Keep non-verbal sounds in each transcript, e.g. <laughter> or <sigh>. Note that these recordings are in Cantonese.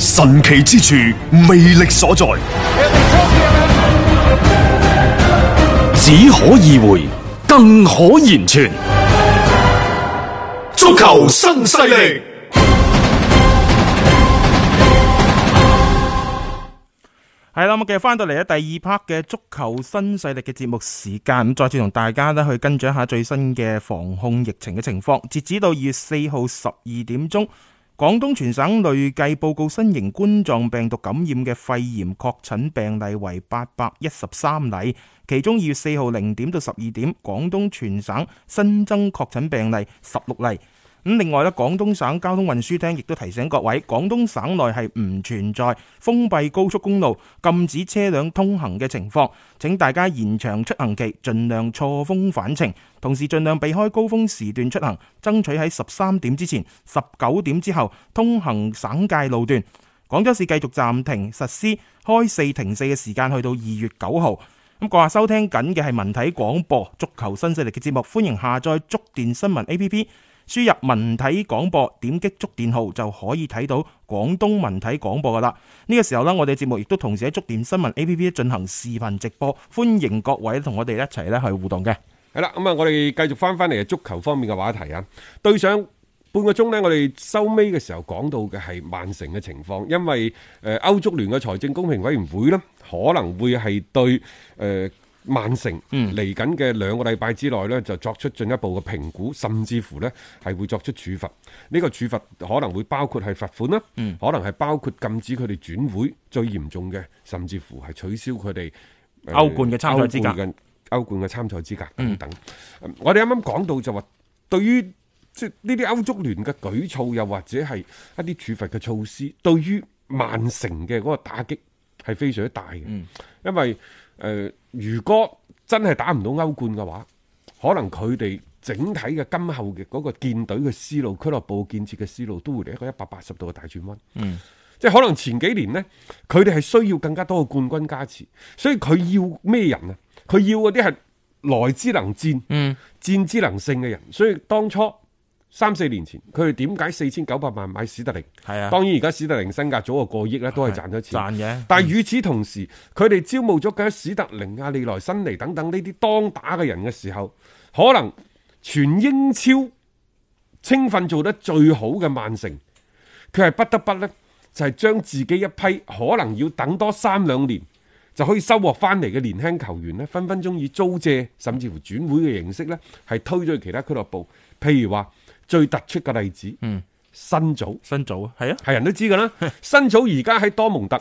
神奇之處，魅力所在，只可意會，更可言傳。足球新勢力係啦，我繼續翻到嚟啦，第二 part 嘅足球新勢力嘅節目時間，咁再次同大家呢去跟進一下最新嘅防控疫情嘅情況，截止到二月四號十二點鐘。廣東全省累計報告新型冠狀病毒感染嘅肺炎確診病例為八百一十三例，其中二月四號零點到十二點，廣東全省新增確診病例十六例。咁另外咧，廣東省交通運輸廳亦都提醒各位，廣東省內係唔存在封閉高速公路禁止車輛通行嘅情況。請大家延長出行期，盡量錯峰返程，同時盡量避開高峰時段出行，爭取喺十三點之前、十九點之後通行省界路段。廣州市繼續暫停實施開四停四嘅時間，去到二月九號。咁，各位收聽緊嘅係文體廣播足球新勢力嘅節目，歡迎下載觸電新聞 A P P。輸入文體廣播，點擊觸電號就可以睇到廣東文體廣播噶啦。呢個時候呢，我哋節目亦都同時喺觸電新聞 A P P 進行視頻直播，歡迎各位同我哋一齊咧去互動嘅。係啦，咁啊，我哋繼續翻翻嚟足球方面嘅話題啊。對上半個鐘呢，我哋收尾嘅時候講到嘅係曼城嘅情況，因為誒歐足聯嘅財政公平委員會咧，可能會係對誒。呃曼城嚟緊嘅兩個禮拜之內呢，就作出進一步嘅評估，甚至乎呢係會作出處罰。呢、呢個處罰可能會包括係罰款啦，嗯、可能係包括禁止佢哋轉會，最嚴重嘅甚至乎係取消佢哋歐冠嘅參賽資格。歐冠嘅參賽資格等等。嗯、我哋啱啱講到就話，對於即呢啲歐足聯嘅舉措，又或者係一啲處罰嘅措施，對於曼城嘅嗰個打擊係非常之大嘅，嗯、因為。誒、呃，如果真係打唔到歐冠嘅話，可能佢哋整體嘅今後嘅嗰個建隊嘅思路、俱樂部建設嘅思路，都會嚟一個一百八十度嘅大轉彎。嗯，即係可能前幾年呢，佢哋係需要更加多嘅冠軍加持，所以佢要咩人啊？佢要嗰啲係來之能戰、戰之能勝嘅人，所以當初。三四年前，佢哋點解四千九百萬買史特靈？係啊，當然而家史特靈身價早啊過億都係賺咗錢。賺、啊、但與此同時，佢哋、嗯、招募咗嗰史特靈、阿利萊辛尼等等呢啲當打嘅人嘅時候，可能全英超青訓做得最好嘅曼城，佢係不得不呢，就係將自己一批可能要等多三兩年就可以收穫翻嚟嘅年輕球員呢，分分鐘以租借甚至乎轉會嘅形式呢係推咗去其他俱樂部，譬如話。最突出嘅例子，嗯，新祖，新祖啊，係啊，係人都知噶啦。 <laughs> 新祖而家喺多蒙特，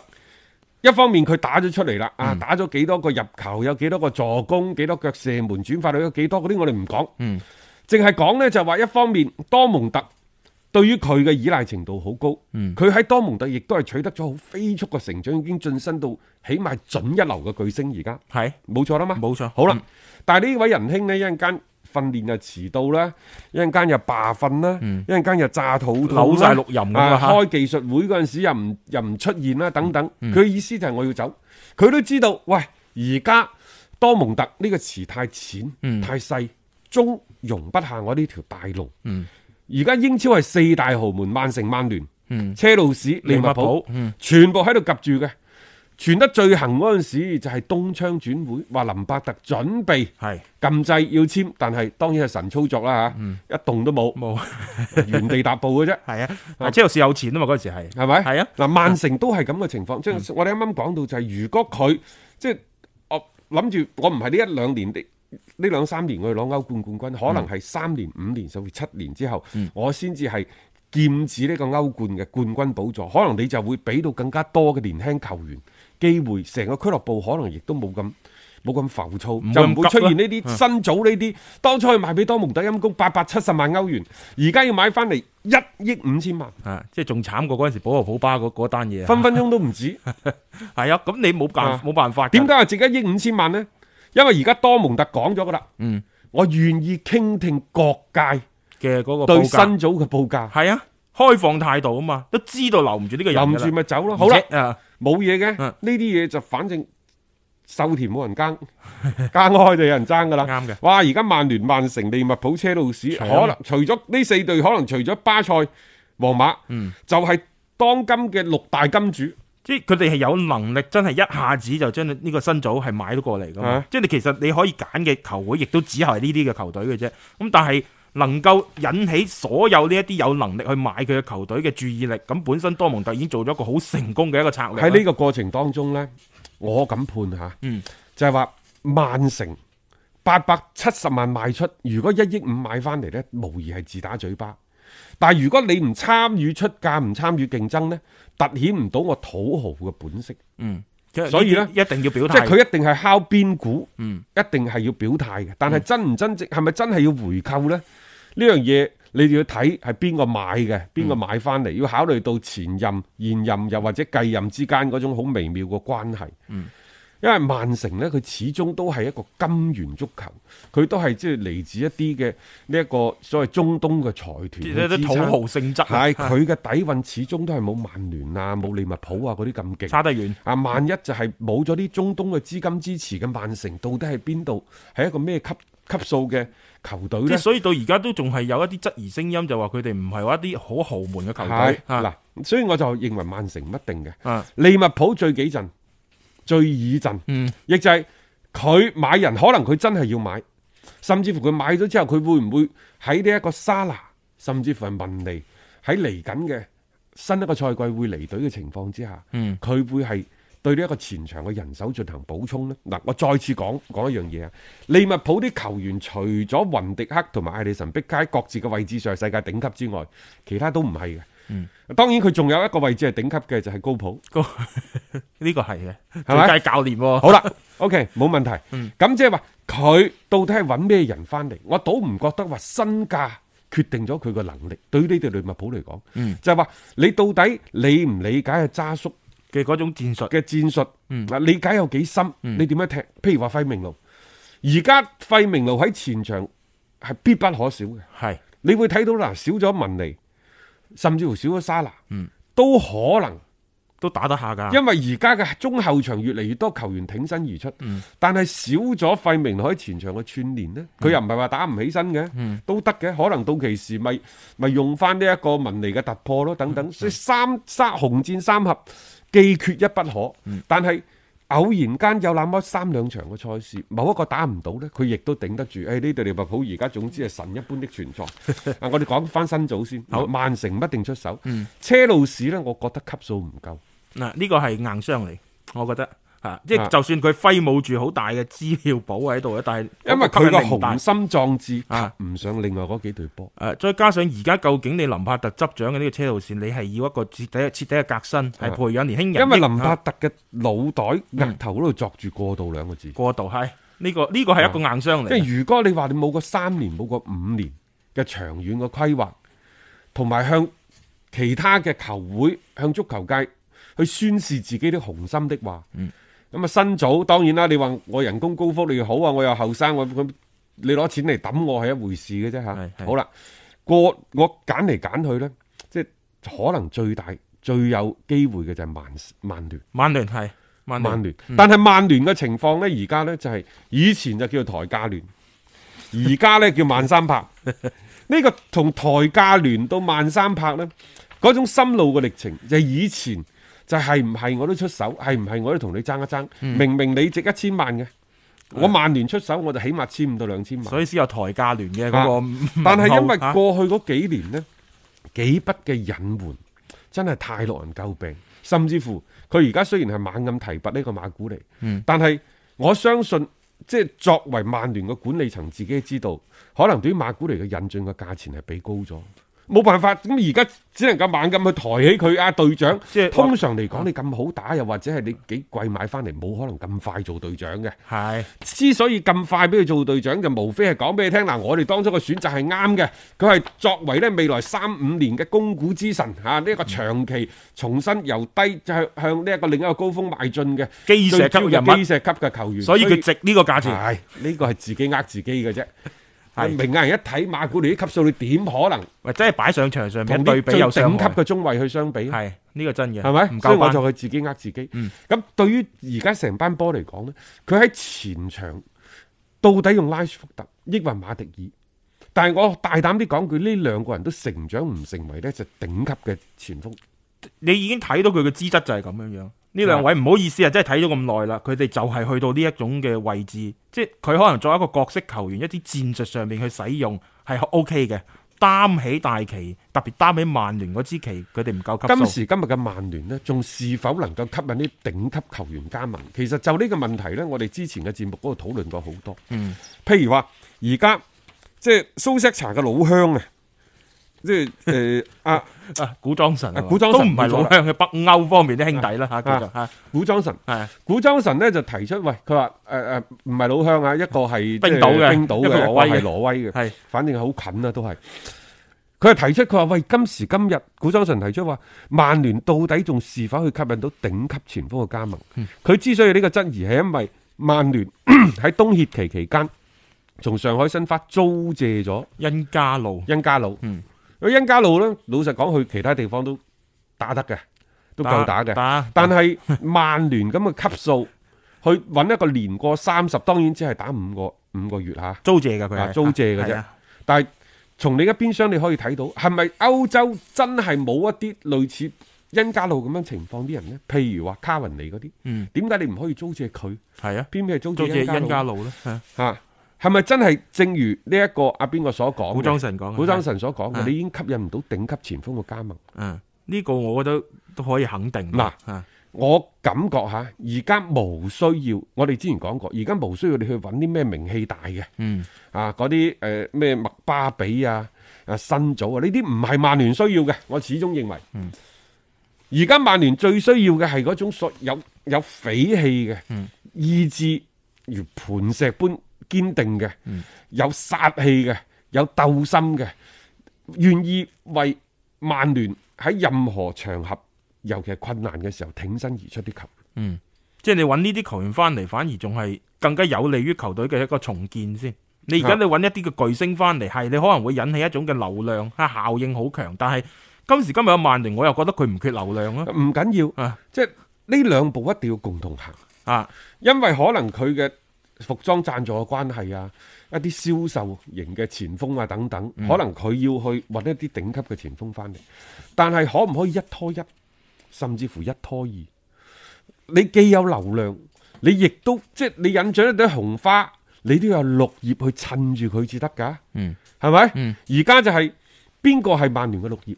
一方面佢打咗出嚟啦，啊、嗯，打咗幾多個入球，有幾多個助攻，幾多腳射門轉化到有幾多嗰啲，我哋唔講，嗯，淨係講呢就話，一方面多蒙特對於佢嘅依賴程度好高，嗯，佢喺多蒙特亦都係取得咗好飛速嘅成長，已經晉身到起碼準一流嘅巨星而家，係冇錯啦嘛，冇錯，好啦，但係呢位仁兄呢，一陣間。訓練又遲到啦，一陣間又罷訓啦，一陣間又炸肚扭晒六壬啊！是開技術會嗰陣時又唔又唔出現啦，等等。佢、嗯嗯、意思就係我要走，佢都知道。喂，而家多蒙特呢個池太淺、嗯、太細，終容不下我呢條大龍。而家、嗯、英超係四大豪門，曼城曼聯、曼聯、嗯、車路士、利物浦，嗯、全部喺度夾住嘅。傳得最行嗰陣時就係東窗轉會，話林伯特準備係禁制要簽，但係當然係神操作啦吓，一動都冇，冇原地踏步嘅啫。係啊，車路士有錢啊嘛，嗰時係係咪？係啊，嗱，曼城都係咁嘅情況。即係我哋啱啱講到，就係如果佢即係我諗住，我唔係呢一兩年，呢呢兩三年，我去攞歐冠冠軍，可能係三年、五年、甚至七年之後，我先至係劍指呢個歐冠嘅冠軍寶座，可能你就會俾到更加多嘅年輕球員。機會成個俱樂部可能亦都冇咁冇咁浮躁，就唔會出現呢啲新組呢啲。的當初佢賣俾多蒙特陰公八百七十萬歐元，而家要買翻嚟一億五千萬，啊，即係仲慘過嗰陣時保羅普巴嗰嗰單嘢，分分鐘都唔止。係啊， <laughs> 咁你冇辦冇辦法？點解話值一億五千萬呢？因為而家多蒙特講咗噶啦，嗯，我願意傾聽各界嘅嗰個對新組嘅報價，係啊，開放態度啊嘛，都知道留唔住呢個人啦，留唔住咪走咯，且好啦了。Uh, 冇嘢嘅，呢啲嘢就反正瘦田冇人耕，耕開就有人爭噶啦。啱嘅。哇，而家曼聯、曼城、利物浦、車路士，可能除咗呢四隊，可能除咗巴塞、皇馬，嗯、就係當今嘅六大金主。即係佢哋係有能力，真係一下子就將呢個新組係買咗過嚟噶嘛？即係你其實你可以揀嘅球會，亦都只係呢啲嘅球隊嘅啫。咁但係。能夠引起所有呢一啲有能力去買佢嘅球隊嘅注意力，咁本身多蒙特已經做咗一個好成功嘅一個策略。喺呢個過程當中呢，我咁判下，嗯，就係話曼城八百七十萬賣出，如果一億五買翻嚟呢，無疑係自打嘴巴。但係如果你唔參與出價，唔參與競爭呢，凸顯唔到我土豪嘅本色。嗯，所以呢，一定要表態，即係佢一定係敲邊鼓，嗯，一定係要表態嘅。但係真唔真正係咪真係要回購呢？呢樣嘢你哋要睇係邊個買嘅，邊個買翻嚟，嗯、要考慮到前任、現任又或者繼任之間嗰種好微妙嘅關係。嗯，因為曼城呢，佢始終都係一個金元足球，佢都係即係嚟自一啲嘅呢一個所謂中東嘅財團。有啲土豪性質。係，佢嘅底蘊始終都係冇曼聯啊、冇的利物浦啊嗰啲咁勁。那那差得遠。啊，萬一就係冇咗啲中東嘅資金支持嘅曼城，到底係邊度？係一個咩級？級數嘅球隊咧，即所以到而家都仲係有一啲質疑聲音，就話佢哋唔係話一啲好豪門嘅球隊。嗱對，啊、所以我就認為曼城唔一定嘅。啊、利物浦最幾陣，最以陣，亦、嗯、就係佢買人，可能佢真係要買，甚至乎佢買咗之後，佢會唔會喺呢一個沙拿，甚至乎係文尼喺嚟緊嘅新一個賽季會離隊嘅情況之下，佢、嗯、會係。對呢一個前場嘅人手進行補充咧，嗱，我再次講講一樣嘢啊！利物浦啲球員除咗雲迪克同埋艾利神碧佳各自嘅位置上係世界頂級之外，其他都唔係嘅。嗯，當然佢仲有一個位置係頂級嘅，就係高普。高呢個係嘅，係咪教練？好啦，OK，冇問題。嗯，咁即係話佢到底係揾咩人翻嚟？我倒唔覺得話身價決定咗佢個能力。對於呢隊利物浦嚟講，嗯，就係話你到底理唔理解阿渣叔？嘅嗰種戰術嘅戰術，嗱，理解有幾深？你點樣踢？譬如話費明路，而家費明路喺前場係必不可少嘅。係你會睇到啦，少咗文尼，甚至乎少咗沙拿，都可能都打得下噶。因為而家嘅中後場越嚟越多球員挺身而出，但係少咗費明路喺前場嘅串聯咧，佢又唔係話打唔起身嘅，都得嘅。可能到期時咪咪用翻呢一個文尼嘅突破咯，等等。所以三沙紅戰三合。既缺一不可，但係偶然間有那麼三兩場嘅賽事，某一個打唔到呢，佢亦都頂得住。誒、哎，呢對利物浦而家總之係神一般的存在。嗱、 <laughs> 啊，我哋講翻新組先，曼城好不一定出手。嗯，車路士呢，我覺得級數唔夠。嗱、啊，呢個係硬傷嚟，我覺得。啊！即係就算佢揮舞住好大嘅支票簿喺度咧，但係因為佢個雄心壯志啊，唔上另外嗰幾隊波。誒、啊啊，再加上而家究竟你林柏特執掌嘅呢個車路士，你係要一個徹底徹底嘅革新，係、啊、培養年輕人。因為林柏特嘅腦袋額、嗯、頭嗰度作住過渡兩個字。過渡係呢個呢、這個係一個硬傷嚟。即係、啊、如果你話你冇個三年冇個五年嘅長遠嘅規劃，同埋向其他嘅球會、向足球界去宣示自己啲雄心的話，嗯。咁啊，新組當然啦，你話我人工高福利好啊，我又後生，你錢我佢你攞錢嚟抌我係一回事嘅啫吓。是是好啦，我揀嚟揀去咧，即係可能最大最有機會嘅就係曼曼聯。曼聯係曼聯，是曼聯曼聯但係曼聯嘅情況咧，而家咧就係以前就叫做抬價聯，而 <laughs> 家咧叫曼三拍。呢個從台價聯到曼三拍咧，嗰種心路嘅歷程就係以前。就係唔係我都出手，係唔係我都同你爭一爭？嗯、明明你值一千萬嘅，我曼聯出手我就起碼千五到兩千萬，所以先有抬價聯嘅嗰個、啊。但係因為過去嗰幾年呢，啊、幾筆嘅隱瞞，真係太落人詬病，甚至乎佢而家雖然係猛咁提拔呢個馬古尼，嗯、但係我相信即係作為曼聯嘅管理層自己知道，可能對於馬古尼嘅引進嘅價錢係比高咗。冇辦法，咁而家只能夠猛咁去抬起佢啊！隊長，即是通常嚟講，啊、你咁好打，又或者係你幾貴買翻嚟，冇可能咁快做隊長嘅。係是，之所以咁快俾佢做隊長，就無非係講俾你聽嗱，我哋當初嘅選擇係啱嘅。佢係作為咧未來三五年嘅公股之神呢一個長期重新由低向向呢一個另一個高峰邁進嘅基石級人物，基石級嘅球員，所以佢值呢個價錢。係呢、呢個係自己呃自己嘅啫。 <laughs> 明眼人一睇馬古尼啲級數，你點可能？或者係擺上場上面對比由頂級嘅中衛去相比，係呢個真嘅，係咪？唔夠班，所以我就去自己呃自己。咁、嗯、對於而家成班波嚟講呢，佢喺前場到底用拉舒福特抑或馬迪爾？但係我大膽啲講句，呢兩個人都成長唔成為呢就頂級嘅前鋒。你已經睇到佢嘅資質就係咁樣樣。呢兩位唔好意思啊，真係睇咗咁耐啦，佢哋就係去到呢一種嘅位置，即係佢可能作為一個角色球員，一啲戰術上面去使用係 O K 嘅，擔起大旗，特別擔起曼聯嗰支旗，佢哋唔夠。今時今日嘅曼聯呢，仲是否能夠吸引啲頂級球員加盟？其實就呢個問題呢，我哋之前嘅節目嗰度討論過好多。嗯，譬如話而家即係蘇塞茶嘅老鄉啊。即係誒啊啊古裝神啊古裝都唔係老鄉嘅北歐方面啲兄弟啦吓，古裝神係古裝神咧就提出喂，佢話誒誒唔係老鄉啊，一個係冰島嘅，冰島嘅，一個係挪威嘅，係，反正係好近啦，都係。佢係提出佢話喂，今時今日古裝神提出話，曼聯到底仲是否去吸引到頂級前鋒嘅加盟？佢之所以呢個質疑係因為曼聯喺冬歇期期間，從上海申花租借咗恩加魯，恩加魯，嗯。因恩加路啦，老實講，去其他地方都打得嘅，都夠打嘅。打，但係曼聯咁嘅級數， <laughs> 去揾一個年過三十，當然只係打五個五個月吓。啊、租借嘅佢租借嘅啫。是啊是啊、但係從你一邊廂你可以睇到，係咪歐洲真係冇一啲類似因加路咁樣情況啲人咧？譬如話卡雲尼嗰啲，嗯，點解你唔可以租借佢？係啊，偏偏係租借因加路咧？吓。係咪真係正如呢一個阿、啊、邊個所講？古裝神講，古裝神所講嘅，的你已經吸引唔到頂級前鋒嘅加盟。嗯，呢、啊這個我覺得都可以肯定。嗱、啊，的我感覺吓，而家冇需要。我哋之前講過，而家冇需要你去揾啲咩名氣大嘅。嗯，啊，嗰啲誒咩麥巴比啊，啊新祖啊，呢啲唔係曼聯需要嘅。我始終認為，嗯，而家曼聯最需要嘅係嗰種所有有匪氣嘅、嗯、意志，如磐石般。堅定嘅，有殺氣嘅，有鬥心嘅，願意為曼聯喺任何場合，尤其係困難嘅時候挺身而出啲球。嗯，即係你揾呢啲球員翻嚟，反而仲係更加有利於球隊嘅一個重建先。你而家你揾一啲嘅巨星翻嚟，係你可能會引起一種嘅流量啊效應好強。但係今時今日嘅曼聯，我又覺得佢唔缺流量啊。唔緊要啊，係嘅即係呢兩步一定要共同行啊，因為可能佢嘅。服裝贊助嘅關係啊，一啲銷售型嘅前鋒啊等等，嗯、可能佢要去獲得一啲頂級嘅前鋒翻嚟，但係可唔可以一拖一，甚至乎一拖二？你既有流量，你亦都即係你引咗一朵紅花，你都要有綠葉去襯住佢至得噶，係咪、嗯？而家、嗯、就係邊個係曼聯嘅綠葉？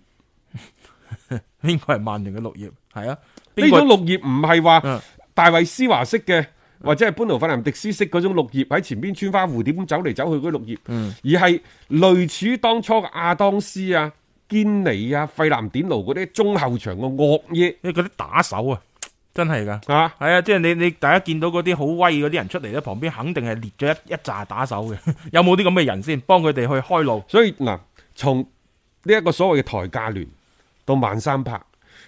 邊個係曼聯嘅綠葉？係啊，呢種綠葉唔係話大衛施華式嘅。或者係潘奴費南迪斯式嗰種綠葉喺前邊穿花蝴蝶咁走嚟走去嗰啲綠葉，嗯、而係類似當初嘅亞當斯啊、堅尼啊、費南典奴嗰啲中後場嘅惡嘢，嗰啲打手啊，真係噶吓，係啊，即係、啊就是、你你大家見到嗰啲好威嗰啲人出嚟咧，旁邊肯定係列咗一一紮打手嘅， <laughs> 有冇啲咁嘅人先幫佢哋去開路？所以嗱，從呢一個所謂嘅抬價聯到曼三拍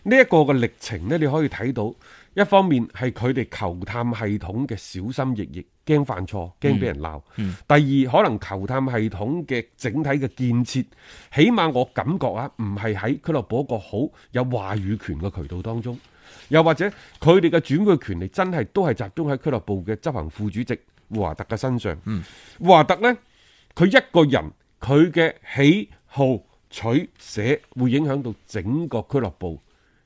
呢一個嘅歷程咧，你可以睇到。一方面係佢哋球探系統嘅小心翼翼，驚犯錯，驚俾人鬧。嗯嗯、第二，可能球探系統嘅整體嘅建設，起碼我感覺啊，唔係喺俱樂部一個好有話語權嘅渠道當中。又或者佢哋嘅轉會權力真係都係集中喺俱樂部嘅執行副主席華特嘅身上。嗯、華特呢，佢一個人佢嘅喜好取捨，會影響到整個俱樂部。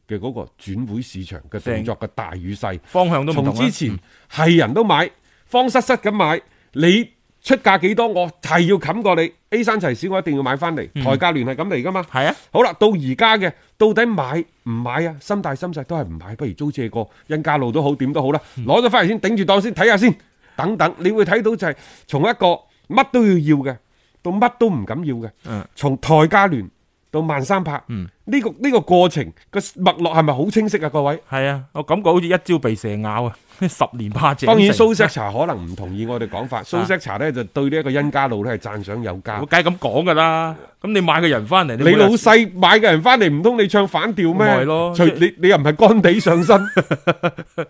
嘅嗰個轉會市場嘅動作嘅大與細方向都唔同，從之前係人都買，慌失失咁買，你出價幾多，我係要冚過你 A 三齊市，我一定要買翻嚟台價聯係咁嚟噶嘛。係啊，好啦，到而家嘅到底買唔買啊？心大心細都係唔買，不如租借過，因價路都好，點都好啦，攞咗翻嚟先，頂住檔先睇下先，等等，你會睇到就係從一個乜都要要嘅，到乜都唔敢要嘅，從台價聯。到慢三拍呢、嗯這個呢、這個過程個脈絡係咪好清晰啊各位係啊，我感覺好似一朝被蛇咬啊，十年怕井繩。當然蘇珊茶可能唔同意我哋講法，蘇珊茶咧就對呢一個殷家路咧係讚賞有加。我梗係咁講噶啦，咁你買嘅人翻嚟 <laughs> 你，你老細買嘅人翻嚟唔通你唱反調咩？係咯，你你又唔係干地上身，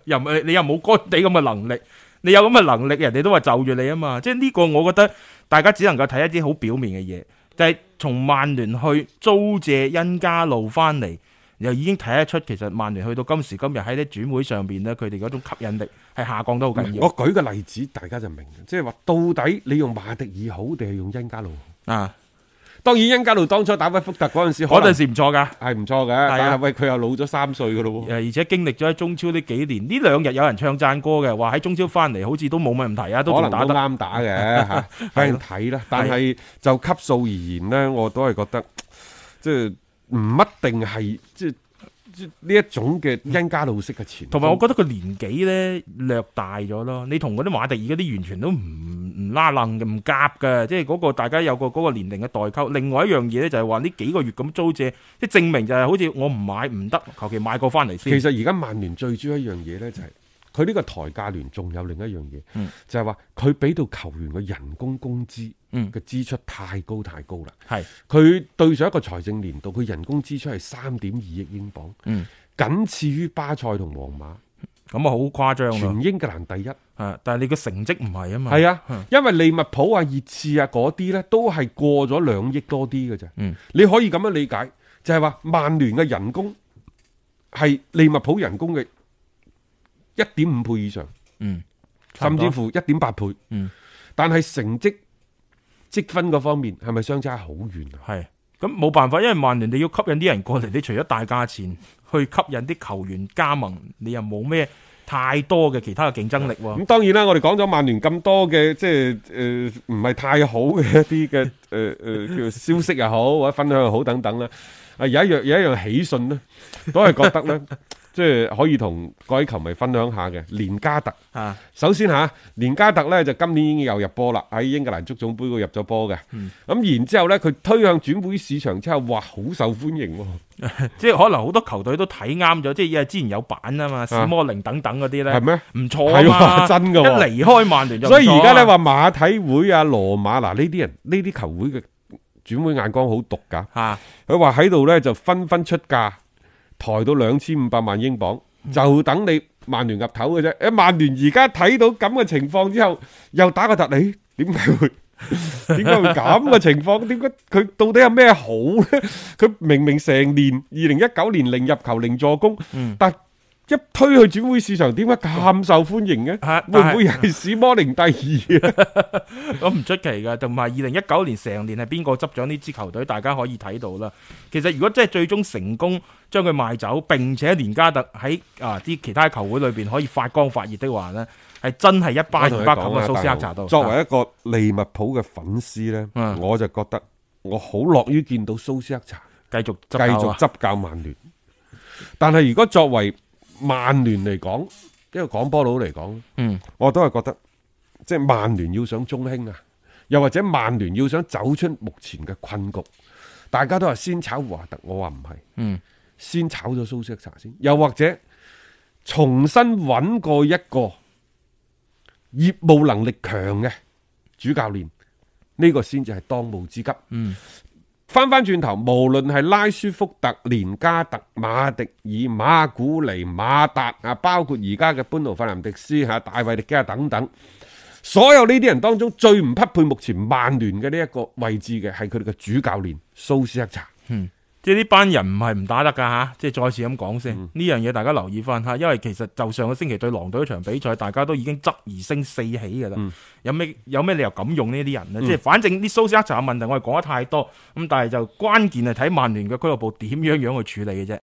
又唔係你又冇干地咁嘅能力，你有咁嘅能力，人哋都話就住你啊嘛。即係呢個我覺得大家只能夠睇一啲好表面嘅嘢。就係從曼聯去租借恩加路翻嚟，又已經睇得出其實曼聯去到今時今日喺啲轉會上面，咧，佢哋嗰種吸引力係下降得好緊要。我舉個例子，大家就明，即係話到底你用馬迪爾好定係用恩加路好啊？當然，恩加路當初打翻福特嗰陣時，候可能時不的，嗰陣時唔錯噶，係唔錯嘅。但係喂，佢又老咗三歲嘅咯喎。而且經歷咗喺中超呢幾年，呢兩日有人唱讚歌嘅，話喺中超翻嚟好似都冇乜問題啊，都可能打得啱打嘅嚇。係睇啦，但係就級數而言咧，是啊、我都係覺得即係唔一定係即係。就是呢一種嘅因家老式嘅錢，同埋我覺得佢年紀咧略大咗咯。你同嗰啲馬迪爾嗰啲完全都唔唔拉楞嘅，唔夾㗎，即係嗰個大家有個嗰個年齡嘅代溝。另外一樣嘢咧就係話呢幾個月咁租借，即係證明就係好似我唔買唔得，求其買個翻嚟先。其實而家曼聯最主要一樣嘢咧就係。佢呢個抬價聯仲有另一樣嘢，嗯、就係話佢俾到球員嘅人工工資嘅支出太高太高啦。係佢、嗯、對上一個財政年度，佢人工支出係三點二億英鎊，嗯、僅次於巴塞同皇馬。咁啊、嗯，好誇張全英格蘭第一啊！但係你嘅成績唔係啊嘛。係啊，因為利物浦啊、熱刺啊嗰啲呢都係過咗兩億多啲嘅啫。嗯、你可以咁樣理解，就係、是、話曼聯嘅人工係利物浦人工嘅一點五倍以上，嗯，甚至乎一點八倍，嗯，但係成績積分嗰方面係咪相差好遠啊？係，咁冇辦法，因為曼聯你要吸引啲人過嚟，你除咗大價錢去吸引啲球員加盟，你又冇咩太多嘅其他嘅競爭力喎。咁、嗯、當然啦，我哋講咗曼聯咁多嘅即係誒唔係太好嘅一啲嘅誒誒叫消息又好或者分享又好等等啦。啊，有一樣有一樣喜訊咧，都係覺得咧。 <laughs> 即係可以同各位球迷分享下嘅，連加特。啊，首先吓，連加特咧就今年已經又入波啦，喺英格蘭足總杯入咗波嘅。咁、嗯、然之後咧，佢推向轉會市場之後，哇，好受歡迎喎、啊！ <laughs> 即係可能好多球隊都睇啱咗，即係因為之前有板啊嘛，史摩寧等等嗰啲咧，係咩嗎？唔錯啊，真噶、啊！一離開曼聯，所以而家咧話馬體會啊，羅馬嗱呢啲人呢啲球會嘅轉會眼光好毒噶。啊，佢話喺度咧就紛紛出價。抬到兩千五百萬英鎊，就等你曼聯岌頭嘅啫。誒，曼聯而家睇到咁嘅情況之後，又打個突你，哎，點解會？點解會咁嘅情況？點解佢到底有咩好咧？佢明明成年二零一九年零入球零助攻，但、嗯一推去轉會市場，點解咁受歡迎嘅？係是，會唔會係史摩寧第二？ <laughs> 我唔出奇噶，同埋二零一九年成年係邊個執咗呢支球隊？大家可以睇到啦。其實如果真係最終成功將佢賣走，並且連加特喺啊啲其他球會裏邊可以發光發熱的話呢係真係一班二百九嘅蘇斯克查說說。作為一個利物浦嘅粉絲呢，的我就覺得我好樂於見到蘇斯克查繼、嗯、續繼續執教曼聯。但係如果作為曼聯嚟講，一個廣波佬嚟講，嗯、我都係覺得，即係曼聯要想中興啊，又或者曼聯要想走出目前嘅困局，大家都話先炒華特，我話唔係，先炒咗蘇斯茶先，又或者重新揾過一個業務能力強嘅主教練，呢、這個先至係當務之急。嗯翻翻轉頭，無論係拉舒福特、連加特、馬迪爾、馬古尼、馬達啊，包括而家嘅班奴、法蘭迪斯吓、大衛力基啊等等，所有呢啲人當中最唔匹配目前曼聯嘅呢一個位置嘅，係佢哋嘅主教練蘇斯克查。嗯即係呢班人唔係唔打得㗎，即係再次咁講先，呢樣嘢大家留意翻吓，因為其實就上個星期對狼隊嗰場比賽，大家都已經質疑聲四起㗎啦。有咩有咩理由咁用呢啲人呢？即係、嗯、反正啲、嗯、蘇斯克查嘅問題，我哋講得太多，咁但係就關鍵係睇曼聯嘅俱樂部點樣樣去處理嘅啫。